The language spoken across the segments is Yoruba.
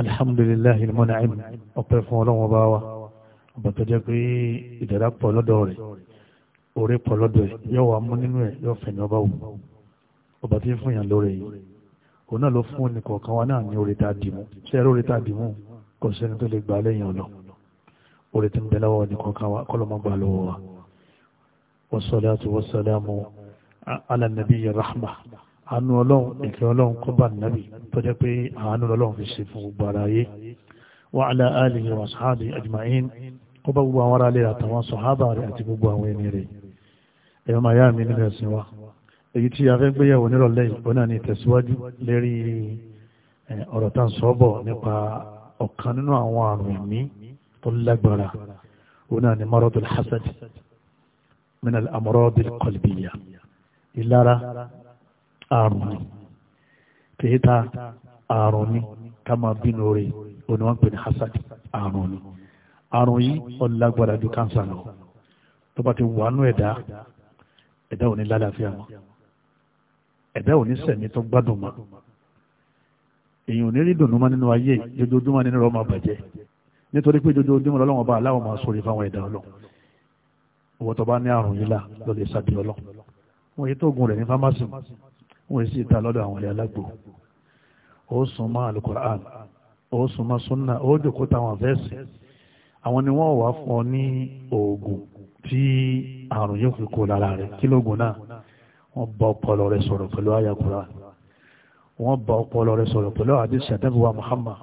alhamdulillahi almun'im ọpẹ́ fún ọlọ́run ọba wa ọba tó jẹ́ pé ìdára pọ̀ lọ́dọ̀ rẹ̀ orí pọ̀ lọ́dọ̀ ẹ̀ yóò wá mú nínú ẹ̀ yóò fẹ̀yìn ọba wù ọba tí ń fún yàn lórí yìí òun náà ló fún nìkọ̀ọ̀kan wa náà ní orí tá a dì mú ṣé ẹ lórí tá a dì mú kò sẹ́ni tó lè gbà lẹ́yìn ọ̀lọ́ orí tí ń bẹ lọ́wọ́ nìkọ̀ọ̀kan wa kọ́ ló mọ́ gbà lọ́wọ́ wa wassalatu wassalamu àánú ọlọ́run ìfẹ́ ọlọ́run kó bá nàbì tó jẹ́ pé àánú ọlọ́run fi ṣe fún gbogbo ara yé wa ala alihi wa sahabi ajma'in kó bá gbogbo àwọn ará lè àtàwọn sọ̀hábà rẹ̀ àti gbogbo àwọn ẹni rẹ̀ ẹ̀rọ màá yá mi nínú ẹ̀sìn wa èyí tí a fẹ́ gbéyàwó nírọ̀lẹ́ ìbọn náà ni tẹ̀síwájú lérí ọ̀rọ̀ tá ń sọ́bọ̀ nípa ọ̀kan nínú àwọn àrùn ẹ̀mí tó lágbára òun náà ni maradul hasad minal amradil qalbiya ìlara àrùn ni tèéta àrùn ni ká máa bínú rẹ̀ òní wọ́n pè ní hasad àrùn ni àrùn yìí ọlágbára ju kánsà lọ tó bá ti wà nú ẹ̀dá ẹ̀dá ò ní lálàáfíà mọ́ ẹ̀dá ò ní sẹ̀mí tó gbádùn mọ́ èyàn ò ní rí dùnú mọ́ nínú ayé jojoojúmọ́ nínú ọmọ bàjẹ́ nítorí pé jojoojúmọ́ lọ́wọ́ bá aláwọ̀ máa sórí fáwọn ẹ̀dá ọlọ́run owó tó bá ní àrùn yìí là lọ́lẹ̀ sábì ọlọ́run wọ́n yìí tó oògùn rẹ̀ ní fámásì wọ́n sì ta lọ́dọ̀ àwọn ẹ̀yà lágbo ó sùn mọ́ alukur'an ó sùn mọ́ sunna ó jòkó táwọn fẹ́ẹ̀sì àwọn ni wọ́n wà fún ọ ní oògùn tí àrùn yóò fi kó lára rẹ̀ kí lóògùn náà wọ́n bá ọpọlọ rẹ̀ sọ̀rọ̀ pẹ̀lú ayakura wọ́n bá ọpọlọ rẹ̀ sọ̀rọ̀ pẹ̀lú àdìsí àdẹ́bùwà Muhammad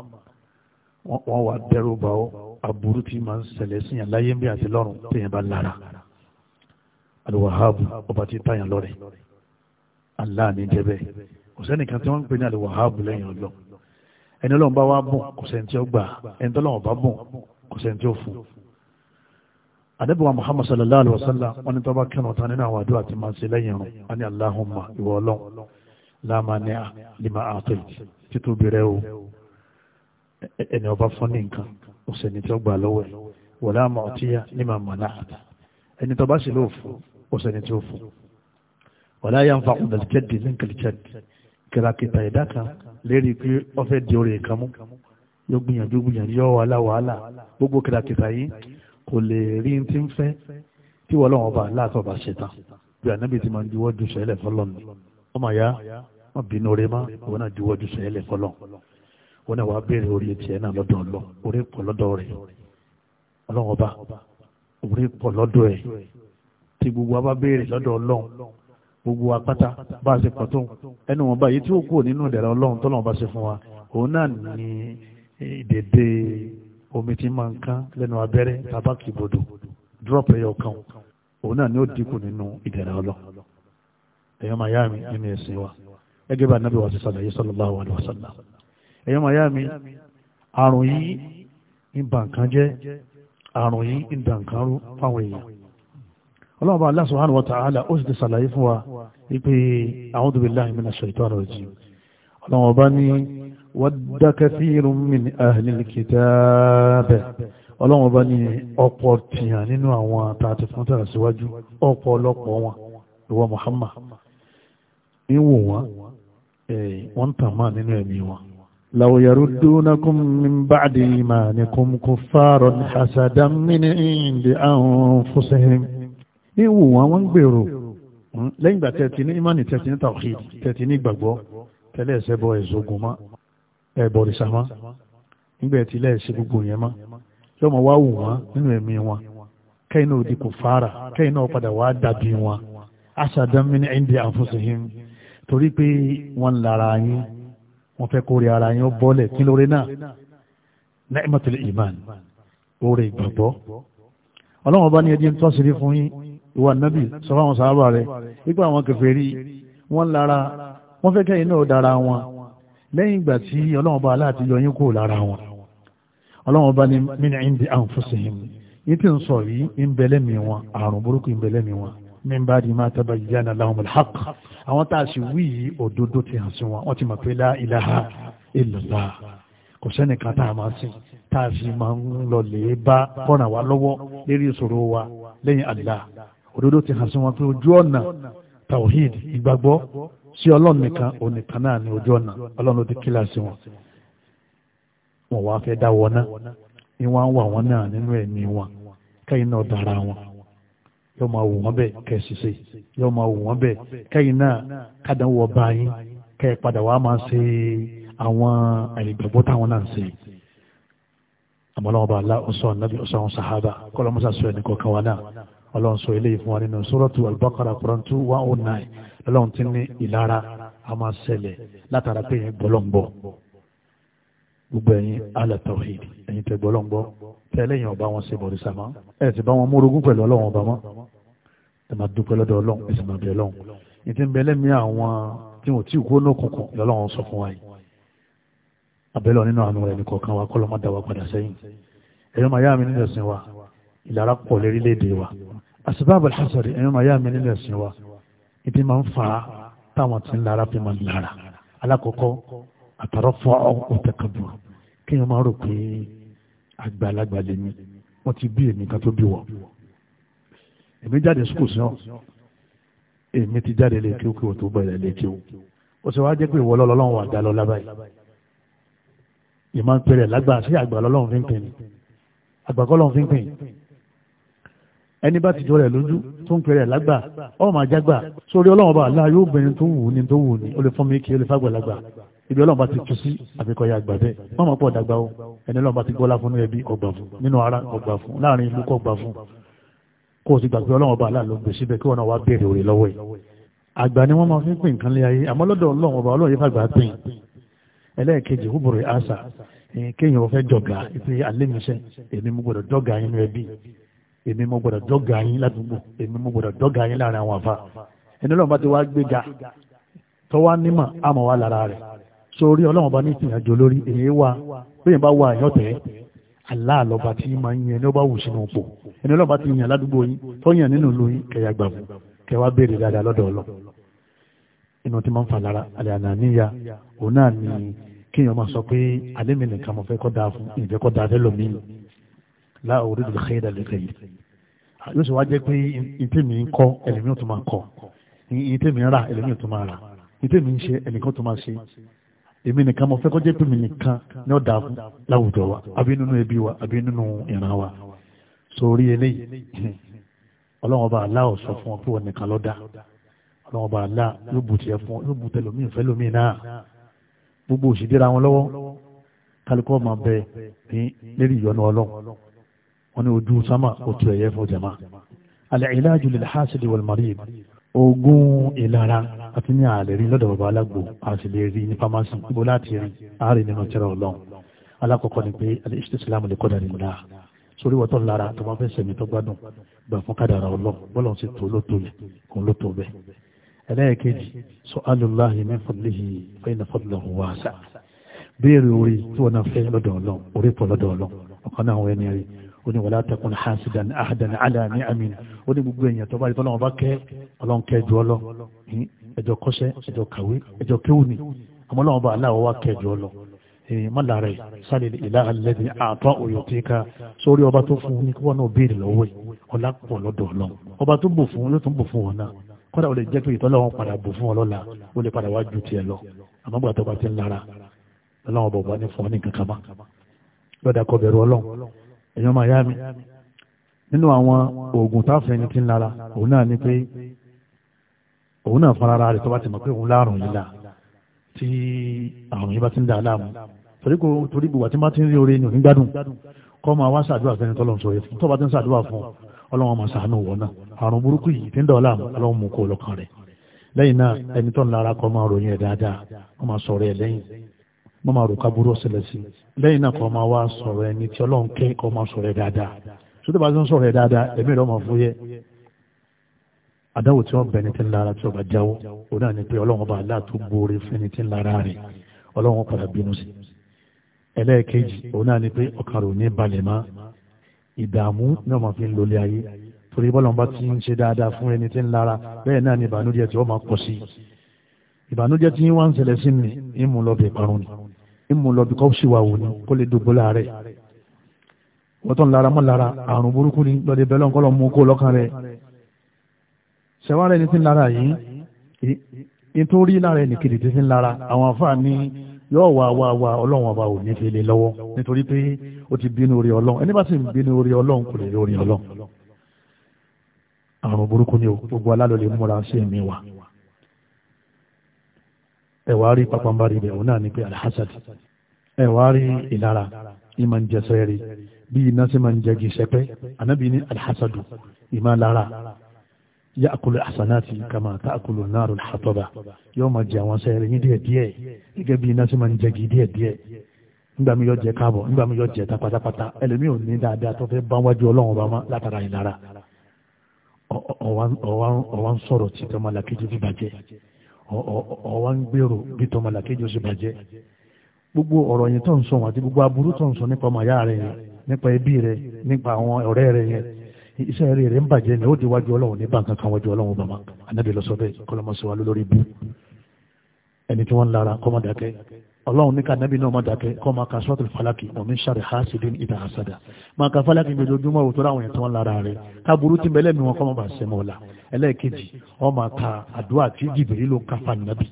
wọ́n wà dẹ́rù bá ọ aburú tí máa ń ṣẹlẹ̀ sí yàn láyé ń bí àti lọ́run téèyàn bá lára al ọba tí táyàn lọ́rẹ̀ẹ́ Allah ní jẹ́bẹ̀ kò sẹ́nìkan tí wọ́n ń pè ní àlùwàhábù lẹ́yìn ọlọ́ ẹni ọlọ́run bá wá bùn kò sẹ́ni tí ó gbà ẹni tọ́lọ́run bá bùn kò sẹ́ni tí ó fún àdẹ́bùwà Muhammad sallallahu alaihi wasallam wọn ni tọ́ba kírun tán nínú àwọn àdúrà tí máa ń ṣe lẹ́yìn rún wọn ni Allahumma ìwọ ọlọ́run láàmánì lima àtọ̀ títúbi rẹ o ẹni ọba fún ní nǹkan kò sẹ́ni tí ó gbà lọ́wọ́ ẹ̀ wọ̀lá àmọ̀ ọ̀tíyà ní màmá náà ẹni tọ́ba sì lóò fún kò sẹ́ni tí ó fún ọ̀la yà ń fa kùdà jẹ́dì ní kìlìjẹ́dì kìràkìtà ẹ̀dá kan lérí pé ọ̀fẹ́ di orí ìkàmú yóò gbìyànjú gbìyànjú yọ wàhálà wàhálà gbogbo kìràkìtà yìí kò lè rí n tí ń fẹ́ tí wọ́n lọ́wọ́ bá láàtọ̀ bá ṣetán bí ànábì ti máa ń diwọ́ ju sẹ́lẹ̀ fọlọ́nù ọmọ ya wọn bínú orí má wọn náà diwọ́ ju sẹ́lẹ̀ fọlọ́n wọn náà wàá béèrè orí tiẹ̀ náà lọ́dọ̀ ọlọ́ orí pọ̀ lọ́dọ̀ rẹ̀ ọlọ́wọ́ bá orí pọ̀ lọ́dọ̀ ẹ̀ tí gbogbo wa béèrè lọ́dọ̀ ọlọ́run gbogbo apáta bá a ṣe pọ̀ tó ẹnu wọn báyìí tí ó kúrò nínú ìdẹ̀rẹ̀ ọlọ́run tọ́lọ́run bá ṣe fún wa òun náà ní ìdèdè omi tí máa ń kán lẹ́nu abẹ́rẹ́ tabaki bodò drop ẹyọ kan òun náà ni ó dínkù nínú ìdẹ̀rẹ̀ ọlọ́run ẹ̀yọ́ máa yá mi nínú ẹ̀sìn wa gẹ́gẹ́ bí anábì wa ti sàlàyé sallallahu alaihi wasallam ẹ̀yọ́ máa yá mi àrùn yìí ń ba nǹkan jẹ́ àrùn yìí ń da nǹkan rú fáwọn èèyàn ọlọ́run bá Allah subhanahu wa ta'ala ó sì ti sàlàyé fún wa wípé a'udhu billahi minash shaitani rajim ọlọ́run bá ní wadda kathirun min ahlil kitab ọlọ́run bá ní ọ̀pọ̀ tìyàn nínú àwọn tààtì fún tààrà síwájú ọ̀pọ̀ ọlọ́pọ̀ wọn ìwọ Muhammad níwò wọn wọ́n tàn máa nínú ẹ̀mí wọn ìwò wọn wọ́n ń gbèrò hmm? lẹ́yìn ìgbà tẹ̀tì ní ìmánì tẹ̀tì ní tàwùkì tẹ̀tì ní ìgbàgbọ́ tẹ́lẹ̀ ẹ̀sẹ̀ bọ ẹ̀sọ́gun mọ́ ẹ̀bọ̀rìṣà mọ́ nígbà tí ilẹ̀ ẹ̀sẹ̀ gbogbo yẹn mọ́ yóò mọ̀ wá wù wọ́n nínú ẹ̀mí wọn kẹ́yìn náà di kò fara kẹ́yìn náà padà wá dàbí wọn aṣàdánmí ní ẹ̀ńdí àfúnṣehìn torí pé wọ́n lára yín wọ́n fẹ́ kórè ara yín ó bọ́lẹ̀ kí lóore náà nẹ́ẹ̀mọ́tìlẹ̀ ìmán oore ìgbàgbọ́ ọlọ́run ní ẹjẹ́ ń ìwà nábì sọ fáwọn sàábà rẹ̀ nígbà àwọn kèfèrí wọ́n lára wọ́n fẹ́ kẹ́yìn náà dára wọn lẹ́yìn ìgbà tí ọlọ́run bá aláàtí yọ yín kúrò lára wọn ọlọ́run bá ní min indi anfusihim yìí tí ń sọ yìí ń bẹ̀lẹ̀ mi wọn àrùn burúkú ń bẹ̀lẹ̀ mi wọn min ba'di ma tabayyana lahumul haqq àwọn tá a sì wí yìí òdodo ti hàn sí wọn wọ́n ti mọ̀ pé la ilaha illallah kò sẹ́nìkan tá a máa sìn tá a sì máa ń lọ lè bá kọ́nà wa lọ́wọ́ lérí ìṣòro wa lẹ́yìn Allah òdodo ti hàn sí wọn pé ojú ọ̀nà tawhid ìgbàgbọ́ sí ọlọ́run nìkan onìkan náà ní ojú ọ̀nà ọlọ́run ló ti kílà sí wọn wọn wá fẹ́ dá wọn náà ni wọ́n á wà wọn náà nínú ẹ̀mí wọn kẹ́yìn náà dára wọn yóò máa wù wọ́n bẹ́ẹ̀ kẹ́ ẹ ṣiṣẹ́ yóò máa wù wọ́n bẹ́ẹ̀ kẹ́yìn náà kádàn wọ bá kẹ́ ẹ padà wàá máa ṣe àwọn àìgbàgbọ́ táwọn náà ń ṣe àmọ́ lọ́wọ́ bá a lá ọ̀sán nàbí ọ̀sán sàhábà kọ́lọ́mọ́sà sọ ẹnì kọ̀ọ̀kan wa náà ọlọ́run sọ eléyìí fún wa nínú suratu al-Baqara Quran two one oh nine ọlọ́run ti ní ìlara a máa ṣẹlẹ̀ látara pé yẹn gbọ́lọ́ngbọ́ gbogbo ẹ̀yin ala tawhid ẹ̀yin tẹ gbọ́lọ́ngbọ́ tẹ ẹlẹ́yìn ọba wọn ṣe bọ̀dé sàmá ẹ̀ ti bá wọn múrogún pẹ̀lú ọlọ́run ọba mọ́ ẹ máa dúpẹ́ lọ́dọ̀ ọlọ́run ẹ sì máa bẹ̀ ọlọ́run ìtì ń bẹ lẹ́mìí àwọn tí wọn ò tí ì gbóná kùnkùn lọ́lọ́run sọ fún wa yìí ẹ̀sìn ìlara pọ̀ lérílẹ̀-èdè wa àṣìbáàbò hasari ẹ̀yọ́ máa yá mi nílẹ̀ ẹ̀sìn wa ibi máa ń fa táwọn tí ń lara fi máa ń lara alákọ̀ọ́kọ́ àtàrọ̀ fún ọ̀tẹ̀kọ̀bù kí wọ́n máa rò pé àgbàlagbà lè mi wọ́n ti bí èmi kan tó bí wọ̀ èmi jáde sukùl sí èmi ti jáde lè kíw kíw tó bẹ̀rẹ̀ lè kíw ó sì wá jẹ́ pé ìwọ lọ́lọ́run wà dá lọ lábàáyé ìmọ̀ ń pẹ̀rẹ̀ lágbà sí àgbà lọ́lọ́run fi ẹni bá ti jọ rẹ̀ lójú tó ń pèrè lágbà ọmọ àjágbà sórí ọlọ́run bá aláà yóò bẹ̀rẹ̀ tó wù ní tó wù ní ó lè fọ́n mi kí ó lè fàgbà lágbà ibi ọlọ́run bá ti tu sí àfikọ́yà àgbà bẹ́ẹ̀ wọ́n máa pọ̀ dàgbà o ẹni ọlọ́run bá ti gbọ́lá fún ẹbí ọgbà fún nínú ara ọgbà fún láàrin ìlú kọgbà fún kó o ti gbàgbé ọlọ́run bá aláà ló gbé síbẹ̀ kí wọ́n náà wá béèrè èmi mo gbọ́dọ̀ dọ́gà yín ládùúgbò èmi mo gbọ́dọ̀ dọ́gà yín láàrin àwọn àfa ẹni ọlọ́run bá ti wá gbéga tọ́wá nímọ̀ àmọ̀ wá lára rẹ̀ sórí ọlọ́run bá ní ìsìnàjò lórí èyí wa bẹ́ẹ̀ bá wà àyọ̀tẹ̀ aláàlọ́ba tí máa ń yẹn ní ó bá wù sínú òpó ẹni ọlọ́run bá ti yàn ládùúgbò yín tó nínú ìlú yín kẹyà gbà kẹwàá béèrè dáadáa lọ́dọ̀ ọlọ́ inú tí máa ń fa lára àlẹ́ àníyà òun náà ni kéèyàn máa sọ pé alẹ́ mi nìkan mo fẹ́ láàrú rí lè xeyìdá lè xeyìdá yóò sì wá jẹ́ pé ìtẹ̀mí ń kọ́ ẹlẹ́mí tó máa kọ́ ìtẹ̀mí ń rà ẹlẹ́mí tó máa rà ìtẹ̀mí ń ṣe ẹnìkan tó máa ṣe èmi nìkan mo fẹ́ kọ́ jẹ́ pé mi nìkan ní ọ̀dà láwùjọ wa àbí nínú ẹbí wa àbí nínú ìran wa sórí eléyìí ọlọ́run ọba aláwọ̀ sọ fún ọ pé wọn nìkan lọ́dà ọlọ́run ọba alá yóò bù wọ́n ní ojú sámà òtù ẹ̀yẹ fún jẹ̀má al-ilaju lil-hasid wal-marid ogun ìlara àti ní àlèrí lọ́dọ̀ bàbá alágbò àṣìlérí ní pharmacy ibo láti rìn àárẹ̀ nínú tẹ́rọ ọlọ́run alákọ̀ọ́kọ́ ni pé al-istislamu li qadarillah sórí wọ́tọ̀ lára tó bá fẹ́ sẹ̀mí tó gbádùn gbà fún kádàrà ọlọ́run bọ́lọ̀ sí tó ló tó yẹ kò ló tó bẹ́ẹ̀ ẹlẹ́ẹ̀kejì su'alullahi min fadlihi fa inna fadlahu wasi' ó ní wàlá tẹkùn hasidan ahadan ala ní amin ó ní gbogbo èèyàn tó bá rí tọ́lọ́ wọn bá kẹ́ ọlọ́run kẹjọ ọlọ ẹjọ kọsẹ ẹjọ kàwé ẹjọ kéwù ni àmọ́ ọlọ́run bá aláwọ̀ wá kẹjọ ọlọ mọ́lá rẹ̀ sálẹ̀ ìlà alẹ́bí àtọ́ òyò tí ká sórí ọba tó fún ní kíwọ́n náà béèrè lọ́wọ́ ọlá pọ̀ lọ́dọ̀ ọlọ́run ọba tó bò fún yóò tún bò fún wọn náà kọ́dà ó jẹ́ pé ìtọ́lọ́wọ́n padà bò fún ọlọ́la ó padà wá ju tiẹ̀ lọ àmọ́ gbàtọ́ bá ti ń lára ọlọ́run bọ̀ bá ní fún ọ ní kankan má lọ́dà kọ́ bẹ̀rù ọlọ́run ẹ̀yọ́ máa yá mi nínú àwọn oògùn táfẹ́ ẹni tí ń lára òun náà ni pé òun náà fara ara rẹ̀ tó bá ti mọ̀ pé òun láàrùn yìí là tí àrùn yìí bá ti ń dà á láàmú torí kò torí gbogbo àti bá ti ń rí oore ní onígbádùn kọ́ máa wá ṣàdúrà fẹ́ni tọ́lọ́run sọ yẹ fún tó bá ti ń ṣàdúrà fún ọlọ́run máa ṣàánú wọn náà àrùn burúkú yìí ti ń dọ̀ọ́ láàmú ọlọ́run mú kó lọ́kàn rẹ̀ lẹ́yìn náà ẹni tó ń lára kọ́ máa ròyìn ẹ̀ dáadáa wọ́n máa sọ̀rọ̀ ẹ̀ lẹ́yìn mọ́ máa rò kábúrò ṣẹlẹ̀ sí lẹ́yìn náà kọ́ máa wá sọ̀rọ̀ ẹni tí ọlọ́run kẹ́ kọ́ máa sọ̀rọ̀ ẹ dáadáa tó tó bá tó ń sọ̀rọ̀ ẹ dáadáa ẹ̀mí rẹ̀ máa fúyẹ́ adáwò tí wọ́n bẹ̀ ní ti ń lára tí ọba jáwọ́ òun náà ni pé ọlọ́run ọba aláàtú gbóore fún ẹni tí ń lára rẹ̀ ọlọ́run padà bínú sí ẹlẹ́ẹ̀kejì òun náà ni pé ọkàn rò ní balẹ̀ mọ́ ìdààmú náà máa fi ń lólé ayé torí bọ́lá ọba ti ń ṣe dáadáa fún ẹni tí ń lára bẹ́ẹ̀ náà ni ìbànújẹ́ tí wọ́n máa pọ̀ sí ìbànújẹ́ tí wọ́n ń ṣẹlẹ̀ sí mi ń mú lọ parun ni ìmú lọ bíkọ́ sí wa wò ni kó lè dògbò láàrẹ̀ wọ́tọ̀ ń lara mọ́ lara àrùn burúkú ni lọ́dẹ bẹ́ẹ̀ lọ́nkọ́ lọ́mú kó lọ́kàn rẹ̀ ṣẹ̀wárẹ̀ ní ti ń lara yìí nítorí lára ẹnì kejì ti ń lara àwọn àǹfààní yóò wá wá wá ọlọ́run ọba ò ní fi lè lọ́wọ́ nítorí pé ó ti bínú orí ọlọ́run ẹni bá sì ń bínú orí ọlọ́run kò lè rí orí ọlọ́run àrùn burúkú ni gbogbo alálòlè múra sí ẹ̀mí wa ẹ̀wà rí pàpàmbárí ibẹ̀ òun náà ni pé alhassad ẹ̀wà rí ìlara ìmọ̀ ń jẹ sẹ́ẹ̀rí bí iná sí máa ń jẹ gí sẹ́pẹ́ anábì ní alhassadu ìmọ̀ lára yá àkùlù àsánàtì kama tá àkùlù náà rùn àtọ́ba yóò máa jẹ àwọn sẹ́ẹ̀rí ní díẹ̀díẹ̀ gẹ́gẹ́ bí iná sí máa ń jẹ gí díẹ̀díẹ̀ nígbà mi yóò jẹ káàbọ̀ nígbà mi yóò jẹ ta ẹlẹ́mi ò ní dáadáa tó fẹ́ bá wájú ọlọ́run ọba mọ́ látara ìlara ọ̀wá ń sọ̀rọ̀ títọ́ malakeji fi bàjẹ́ ọ̀wá ń gbèrò bí tọmọlà kejì ó sì bàjẹ́ gbogbo ọ̀rọ̀ yẹn tó ń sọ wọn àti gbogbo aburú tó ń sọ nípa ọmọ ìyá rẹ yẹn nípa ẹbí rẹ nípa àwọn ọ̀rẹ́ rẹ yẹn iṣẹ́ rẹ rẹ ń bàjẹ́ ni ó di wájú ọlọ́run ní bàǹkà kan wájú ọlọ́run bàmá anábì lọ sọ bẹ́ẹ̀ kọ́lọ́mọ́sọ wa lórí ibú ẹni tí wọ́n ń lara kọ́mọ́dàkẹ́ ọlọ́run ní kànábì náà má dákẹ́ kọ́ máa ka sọ́tò falaki omi sáré ha sì dín ìdá àsádà máa ka falaki mi lójúmọ́ òótọ́ láwọn èèyàn tó ń lára rẹ̀ káburú ti bẹ́lẹ̀ mi wọn kọ́ máa bá sẹ́mọ́ ọ̀la ẹlẹ́ẹ̀kejì ọ máa ka àdúrà tí jìbìrì ló ń káfa nàbì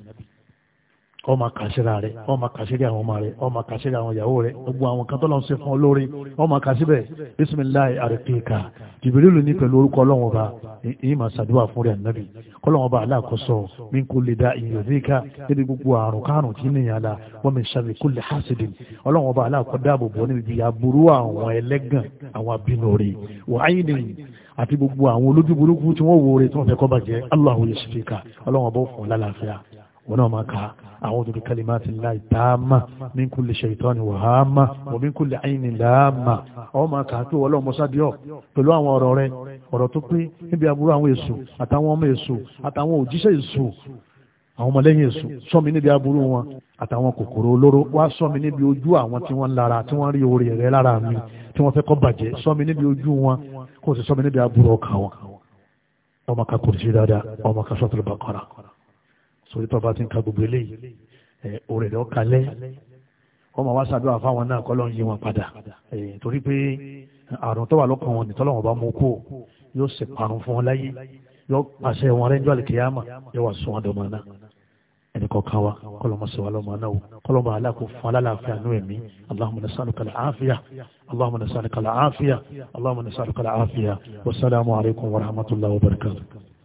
ọmọ kàṣírà rẹ ọmọ kàṣírí àwọn ọmọ rẹ ọmọ kàṣírí àwọn ìyàwó rẹ gbogbo àwọn kan tó lọ ń ṣe fún ọ lórí ọmọ kàṣíbẹ bisimilayi arikika jìbìrìlù ní pẹ̀lú orúkọ ọlọ́wọ́n ba ìyìnbá sàdúrà fún rẹ nàbì kọlọ́wọ́n ba aláàkọ́sọ mi kò lè da ìyọ̀díkà níbi gbogbo àrùn kárùn tí ní yàrá wọ́n mi sàbí kó lè hásìdì ọlọ́wọ́n ba aláàkọ́ dáàbò bọ́ níbi aburú àwọn ẹlẹ́gàn àwọn abínúure wọ́n á yín nìyí àti gbogbo àwọn olójú wọn náà máa ka a'udhu bi kalimati llahi tamma min kulli shaytani wa hamma wa min kulli ayni lamma ọ máa kà á pé wọ́n lọ́mọ sábíọ̀ pẹ̀lú àwọn ọ̀rọ̀ rẹ ọ̀rọ̀ tó pé níbi aburú àwọn èṣù àtàwọn ọmọ èṣù àtàwọn òjíṣẹ́ èṣù àwọn ọmọlẹ́yìn èṣù sọ́mi níbi aburú wọn àtàwọn kòkòrò olóró wá sọ́mi níbi ojú àwọn tí wọ́n lára tí wọ́n rí orí rẹ lára mi tí wọ́n fẹ́ kó bàjẹ́ sọ́mi níbi ojú wọn kò sì sọ́mi níbi aburú ọkàn wọn ọmọ kakùrìsì dáadáa ọmọ kasọ́tò bàkọ́ra sórí tọ́ba ti ń ka gbogbo eléyìí òrè lọ kalẹ́ wọ́n máa wá ṣàdúrà fáwọn náà kọ́ lọ́n yí wọn padà torí pé àrùn tó wà lọ́kàn wọn nìtọ́ lọ́wọ́n bá mú kó yóò sì parun fún wọn láyé yóò pàṣẹ wọn rẹ́jọ́ àlìkèyàmà yóò wà sún ọdọ̀ mọ́ná ẹnìkọ̀ọ̀kan wa kọlọ́mọ sọ wa lọ́mọ náà o kọlọ́mọ aláàkó fún aláàfíà nú ẹ̀mí allahumma nas'aluka al-afiya allahumma nas'aluka al alaykum wa rahmatullahi wa barakatuh.